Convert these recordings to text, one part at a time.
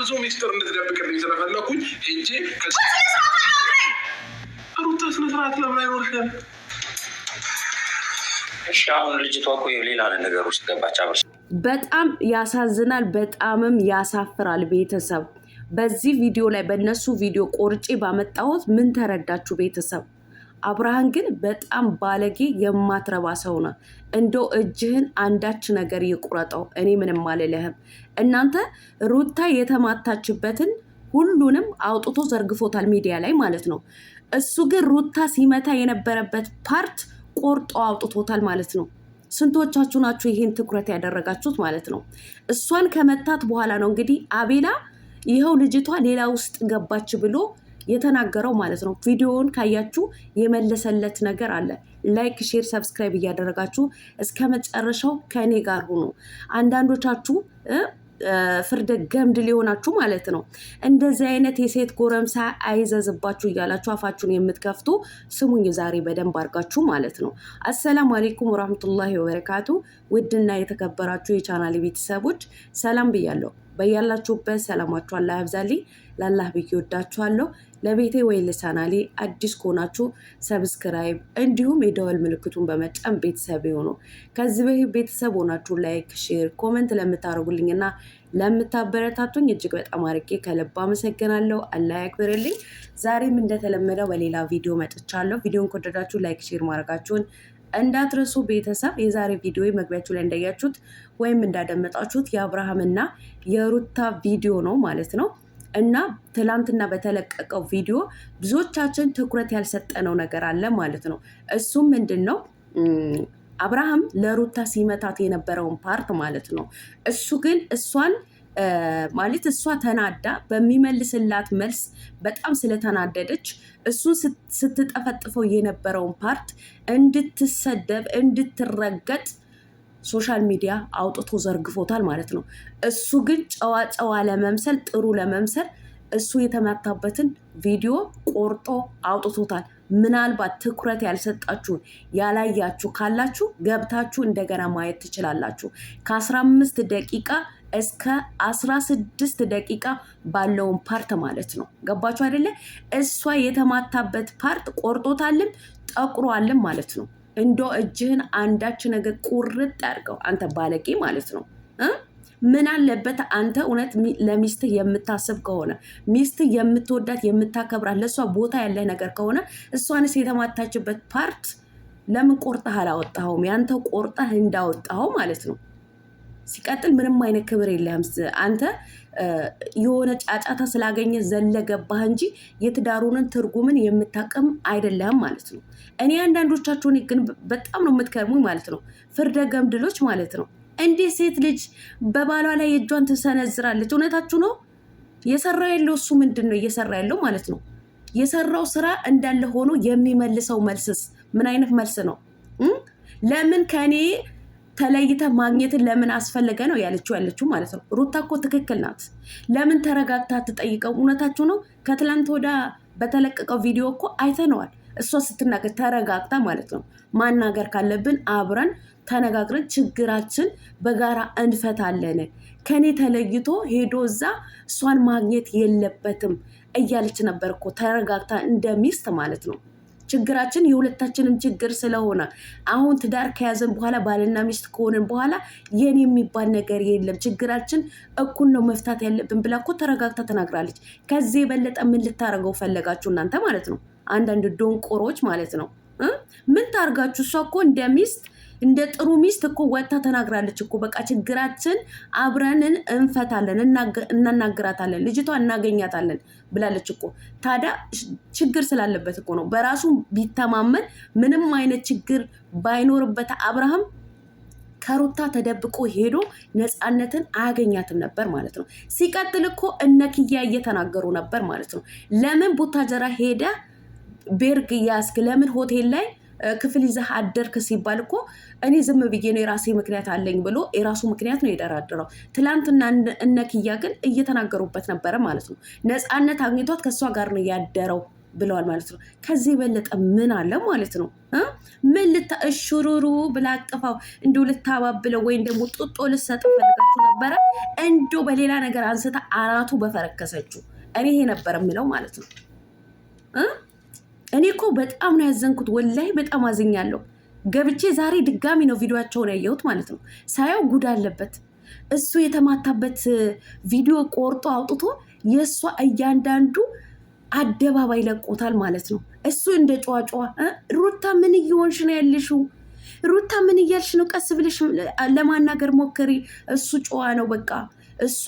ብዙ ሚስጥር እንድትደብቅልኝ ስለፈለኩኝ ሄጄ ሩታ ለምን እሺ አሁን ልጅቷ እኮ ነገር ውስጥ ገባች። በጣም ያሳዝናል፣ በጣምም ያሳፍራል። ቤተሰብ በዚህ ቪዲዮ ላይ በእነሱ ቪዲዮ ቆርጬ ባመጣሁት ምን ተረዳችሁ ቤተሰብ? አብርሃን ግን በጣም ባለጌ የማትረባ ሰው ነው። እንደው እጅህን አንዳች ነገር ይቁረጠው። እኔ ምንም አልልህም። እናንተ ሩታ የተማታችበትን ሁሉንም አውጥቶ ዘርግፎታል ሚዲያ ላይ ማለት ነው። እሱ ግን ሩታ ሲመታ የነበረበት ፓርት ቆርጦ አውጥቶታል ማለት ነው። ስንቶቻችሁ ናችሁ ይህን ትኩረት ያደረጋችሁት ማለት ነው? እሷን ከመታት በኋላ ነው እንግዲህ አቤላ ይኸው ልጅቷ ሌላ ውስጥ ገባች ብሎ የተናገረው ማለት ነው። ቪዲዮውን ካያችሁ የመለሰለት ነገር አለ። ላይክ፣ ሼር፣ ሰብስክራይብ እያደረጋችሁ እስከ መጨረሻው ከእኔ ጋር ሁኑ። አንዳንዶቻችሁ ፍርደ ገምድ ሊሆናችሁ ማለት ነው። እንደዚህ አይነት የሴት ጎረምሳ አይዘዝባችሁ እያላችሁ አፋችሁን የምትከፍቱ ስሙኝ ዛሬ በደንብ አድርጋችሁ ማለት ነው። አሰላሙ አሌይኩም ወራህመቱላሂ ወበረካቱ። ውድና የተከበራችሁ የቻናል ቤተሰቦች ሰላም ብያለሁ። በያላችሁበት ሰላማችሁ አላህ ያብዛልኝ። ላላህ ብዬ ወዳችኋለሁ። ለቤቴ ወይ ለቻናሌ አዲስ ከሆናችሁ ሰብስክራይብ እንዲሁም የደወል ምልክቱን በመጫን ቤተሰብ የሆኑ ከዚህ በፊት ቤተሰብ ሆናችሁ ላይክ፣ ሼር፣ ኮመንት ለምታደርጉልኝና ለምታበረታቱኝ እጅግ በጣም አርጌ ከልብ አመሰግናለሁ። አላህ ያክብርልኝ። ዛሬም እንደተለመደው በሌላ ቪዲዮ መጥቻለሁ። ቪዲዮን ከወደዳችሁ ላይክ፣ ሼር ማድረጋችሁን እንዳትረሱ ቤተሰብ። የዛሬ ቪዲዮ መግቢያችሁ ላይ እንዳያችሁት ወይም እንዳደመጣችሁት የአብርሃምና የሩታ ቪዲዮ ነው ማለት ነው። እና ትላንትና በተለቀቀው ቪዲዮ ብዙዎቻችን ትኩረት ያልሰጠነው ነገር አለ ማለት ነው። እሱም ምንድን ነው? አብርሃም ለሩታ ሲመታት የነበረውን ፓርት ማለት ነው። እሱ ግን እሷን ማለት እሷ ተናዳ በሚመልስላት መልስ በጣም ስለተናደደች እሱን ስትጠፈጥፈው የነበረውን ፓርት እንድትሰደብ እንድትረገጥ ሶሻል ሚዲያ አውጥቶ ዘርግፎታል ማለት ነው። እሱ ግን ጨዋ ጨዋ ለመምሰል ጥሩ ለመምሰል እሱ የተመታበትን ቪዲዮ ቆርጦ አውጥቶታል። ምናልባት ትኩረት ያልሰጣችሁን ያላያችሁ ካላችሁ ገብታችሁ እንደገና ማየት ትችላላችሁ። ከ15 ደቂቃ እስከ 16 ደቂቃ ባለውን ፓርት ማለት ነው። ገባችሁ አይደለ? እሷ የተማታበት ፓርት ቆርጦታልም ጠቁሯልም ማለት ነው። እንዶ እጅህን አንዳች ነገር ቁርጥ አድርገው አንተ ባለጌ ማለት ነው ምን አለበት አንተ እውነት ለሚስት የምታስብ ከሆነ ሚስት የምትወዳት የምታከብራት ለእሷ ቦታ ያለ ነገር ከሆነ እሷንስ የተማታችበት ፓርት ለምን ቆርጠህ አላወጣኸውም? ያንተ ቆርጠህ እንዳወጣኸው ማለት ነው። ሲቀጥል ምንም አይነት ክብር የለህም አንተ የሆነ ጫጫታ ስላገኘ ዘለገባህ እንጂ የትዳሩንን ትርጉምን የምታቀም አይደለም ማለት ነው። እኔ አንዳንዶቻችሁን ግን በጣም ነው የምትከርሙኝ ማለት ነው። ፍርደ ገምድሎች ማለት ነው። እንዴት ሴት ልጅ በባሏ ላይ እጇን ትሰነዝራለች? እውነታችሁ ነው። የሰራ ያለው እሱ ምንድን ነው እየሰራ ያለው ማለት ነው። የሰራው ስራ እንዳለ ሆኖ የሚመልሰው መልስስ ምን አይነት መልስ ነው? ለምን ከኔ ተለይተ ማግኘትን ለምን አስፈለገ ነው ያለችው ያለችው ማለት ነው። ሩታ እኮ ትክክል ናት። ለምን ተረጋግታ ትጠይቀው? እውነታችሁ ነው። ከትላንት ወዳ በተለቀቀው ቪዲዮ እኮ አይተነዋል። እሷ ስትናገር ተረጋግታ ማለት ነው። ማናገር ካለብን አብረን ተነጋግረን ችግራችን በጋራ እንፈታለን። ከኔ ተለይቶ ሄዶ እዛ እሷን ማግኘት የለበትም እያለች ነበር እኮ ተረጋግታ እንደሚስት ማለት ነው። ችግራችን የሁለታችንም ችግር ስለሆነ አሁን ትዳር ከያዘን በኋላ ባልና ሚስት ከሆነን በኋላ የኔ የሚባል ነገር የለም፣ ችግራችን እኩል ነው መፍታት ያለብን ብላ እኮ ተረጋግታ ተናግራለች። ከዚህ የበለጠ ምን ልታደርገው ፈለጋችሁ እናንተ ማለት ነው? አንዳንድ ዶንቆሮች ማለት ነው። ምን ታርጋችሁ? እሷ እኮ እንደ ሚስት እንደ ጥሩ ሚስት እኮ ወጥታ ተናግራለች እኮ በቃ ችግራችን አብረንን እንፈታለን፣ እናናግራታለን፣ ልጅቷ እናገኛታለን ብላለች እኮ። ታዲያ ችግር ስላለበት እኮ ነው። በራሱ ቢተማመን ምንም አይነት ችግር ባይኖርበት አብርሃም ከሩታ ተደብቆ ሄዶ ነፃነትን አያገኛትም ነበር ማለት ነው። ሲቀጥል እኮ እነ ኪያ እየተናገሩ ነበር ማለት ነው። ለምን ቡታጀራ ሄደ ቤርግ ያስክ ለምን ሆቴል ላይ ክፍል ይዘህ አደርክ ሲባል እኮ እኔ ዝም ብዬ ነው የራሴ ምክንያት አለኝ ብሎ የራሱ ምክንያት ነው የደራደረው። ትላንትና እነክያ ግን እየተናገሩበት ነበረ ማለት ነው። ነፃነት አግኝቷት ከእሷ ጋር ነው ያደረው ብለዋል ማለት ነው። ከዚህ የበለጠ ምን አለ ማለት ነው? ምን ልታ እሹሩሩ ብላ አቅፋው እንዲሁ ልታባብለው ወይም ደግሞ ጡጦ ልሰጥ ፈልጋችሁ ነበረ። እንዶ በሌላ ነገር አንስታ አናቱ በፈረከሰችው። እኔ ይሄ ነበረ የምለው ማለት ነው። እኔ እኮ በጣም ነው ያዘንኩት። ወላይ በጣም አዝኛለሁ። ገብቼ ዛሬ ድጋሚ ነው ቪዲዮቸውን ያየሁት ማለት ነው። ሳየው ጉድ አለበት። እሱ የተማታበት ቪዲዮ ቆርጦ አውጥቶ የእሷ እያንዳንዱ አደባባይ ለቆታል ማለት ነው። እሱ እንደ ጨዋጨዋ ሩታ ምን እየሆንሽ ነው ያልሽው? ሩታ ምን እያልሽ ነው? ቀስ ብለሽ ለማናገር ሞክሪ። እሱ ጨዋ ነው በቃ። እሷ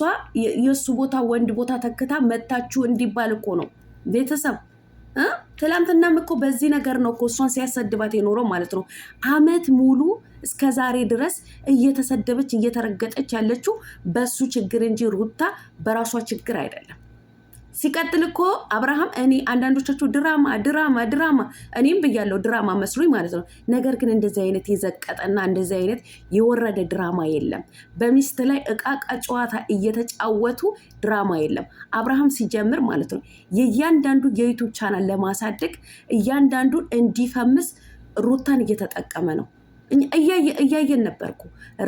የእሱ ቦታ ወንድ ቦታ ተክታ መታችሁ እንዲባል እኮ ነው ቤተሰብ ትላንትናም እኮ በዚህ ነገር ነው እኮ እሷን ሲያሰድባት የኖረው ማለት ነው። አመት ሙሉ እስከ ዛሬ ድረስ እየተሰደበች እየተረገጠች ያለችው በሱ ችግር እንጂ ሩታ በራሷ ችግር አይደለም። ሲቀጥል እኮ አብርሃም እኔ አንዳንዶቻቸው ድራማ ድራማ ድራማ እኔም ብያለው ድራማ መስሎኝ ማለት ነው። ነገር ግን እንደዚህ አይነት የዘቀጠና እንደዚህ አይነት የወረደ ድራማ የለም። በሚስት ላይ እቃቃ ጨዋታ እየተጫወቱ ድራማ የለም። አብርሃም ሲጀምር ማለት ነው የእያንዳንዱ የዩቱብ ቻናል ለማሳደግ እያንዳንዱ እንዲፈምስ ሩታን እየተጠቀመ ነው። እያየን ነበርኩ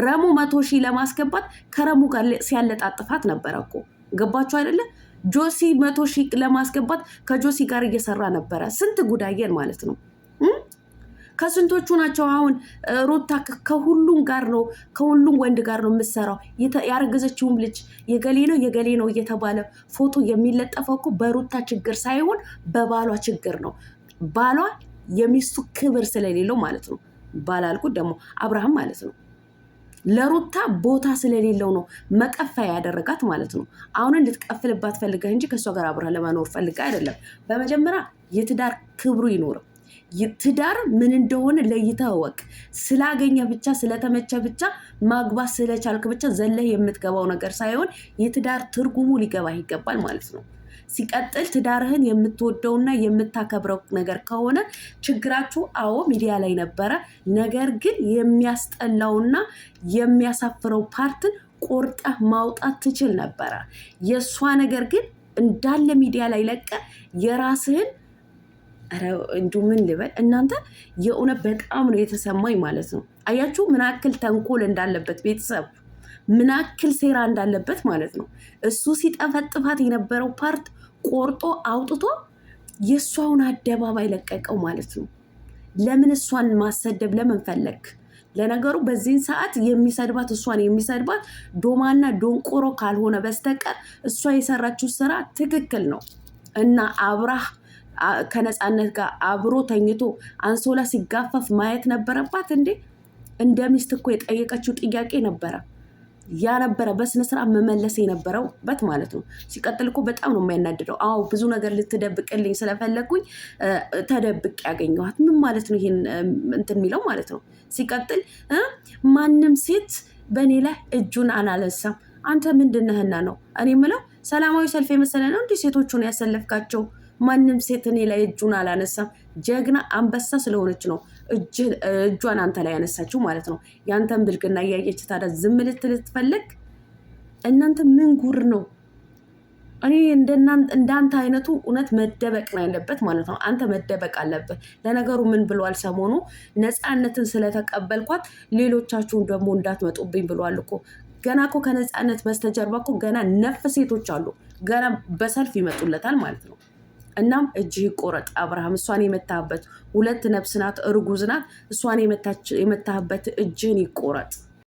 ረሙ መቶ ሺህ ለማስገባት ከረሙ ጋር ሲያለጣጥፋት ነበረ እኮ ገባችሁ አይደለም? ጆሲ መቶ ሺህ ለማስገባት ከጆሲ ጋር እየሰራ ነበረ። ስንት ጉዳየን ማለት ነው። ከስንቶቹ ናቸው አሁን ሩታ ከሁሉም ጋር ነው ከሁሉም ወንድ ጋር ነው የምትሰራው። ያረገዘችውም ልጅ የገሌ ነው የገሌ ነው እየተባለ ፎቶ የሚለጠፈው እኮ በሩታ ችግር ሳይሆን በባሏ ችግር ነው። ባሏ የሚስቱ ክብር ስለሌለው ማለት ነው። ባላልኩ ደግሞ አብርሃም ማለት ነው። ለሩታ ቦታ ስለሌለው ነው መቀፈያ ያደረጋት ማለት ነው። አሁንን ልትቀፍልባት ፈልገህ እንጂ ከእሷ ጋር አብረህ ለመኖር ፈልገህ አይደለም። በመጀመሪያ የትዳር ክብሩ ይኖረው። ትዳር ምን እንደሆነ ለይተህ እወቅ። ስላገኘ ብቻ ስለተመቸ ብቻ ማግባት ስለቻልክ ብቻ ዘለህ የምትገባው ነገር ሳይሆን የትዳር ትርጉሙ ሊገባህ ይገባል ማለት ነው። ሲቀጥል ትዳርህን የምትወደውና የምታከብረው ነገር ከሆነ ችግራችሁ፣ አዎ ሚዲያ ላይ ነበረ። ነገር ግን የሚያስጠላውና የሚያሳፍረው ፓርትን ቆርጠህ ማውጣት ትችል ነበረ። የእሷ ነገር ግን እንዳለ ሚዲያ ላይ ለቀ የራስህን እንዱ ምን ልበል እናንተ የእውነት በጣም ነው የተሰማኝ ማለት ነው። አያችሁ ምናክል ተንኮል እንዳለበት ቤተሰብ ምናክል ሴራ እንዳለበት ማለት ነው። እሱ ሲጠፈጥፋት የነበረው ፓርት ቆርጦ አውጥቶ የእሷውን አደባባይ ለቀቀው ማለት ነው። ለምን እሷን ማሰደብ ለምን ፈለግ? ለነገሩ በዚህን ሰዓት የሚሰድባት እሷን የሚሰድባት ዶማና ዶንቆሮ ካልሆነ በስተቀር እሷ የሰራችው ስራ ትክክል ነው እና አብራህ ከነፃነት ጋር አብሮ ተኝቶ አንሶላ ሲጋፈፍ ማየት ነበረባት እንዴ? እንደ ሚስት እኮ የጠየቀችው ጥያቄ ነበረ። ያ ነበረ በስነስርዓት መመለስ የነበረበት ማለት ነው። ሲቀጥል እኮ በጣም ነው የሚያናድደው። አዎ ብዙ ነገር ልትደብቅልኝ ስለፈለግኩኝ ተደብቅ ያገኘኋት ምን ማለት ነው? ይሄን እንትን የሚለው ማለት ነው። ሲቀጥል ማንም ሴት በእኔ ላይ እጁን አላለሳም። አንተ ምንድን ነው? እኔ ምለው ሰላማዊ ሰልፍ የመሰለ ነው እንዲህ ሴቶቹን ያሰለፍካቸው ማንም ሴት እኔ ላይ እጁን አላነሳም። ጀግና አንበሳ ስለሆነች ነው እጇን አንተ ላይ ያነሳችው ማለት ነው። ያንተን ብልግና እያየች ታዲያ ዝም ልትል ትፈልግ? እናንተ ምን ጉር ነው? እኔ እንዳንተ አይነቱ እውነት መደበቅ ነው ያለበት ማለት ነው። አንተ መደበቅ አለበት ለነገሩ ምን ብሏል ሰሞኑ ነፃነትን ስለተቀበልኳት ሌሎቻችሁን ደግሞ እንዳትመጡብኝ ብሏል እኮ። ገና እኮ ከነፃነት በስተጀርባ እኮ ገና ነፍ ሴቶች አሉ። ገና በሰልፍ ይመጡለታል ማለት ነው። እናም እጅህ ይቆረጥ አብርሃም፣ እሷን የመታህበት ሁለት ነፍስ ናት፣ እርጉዝ ናት። እሷን የመታህበት እጅህን ይቆረጥ።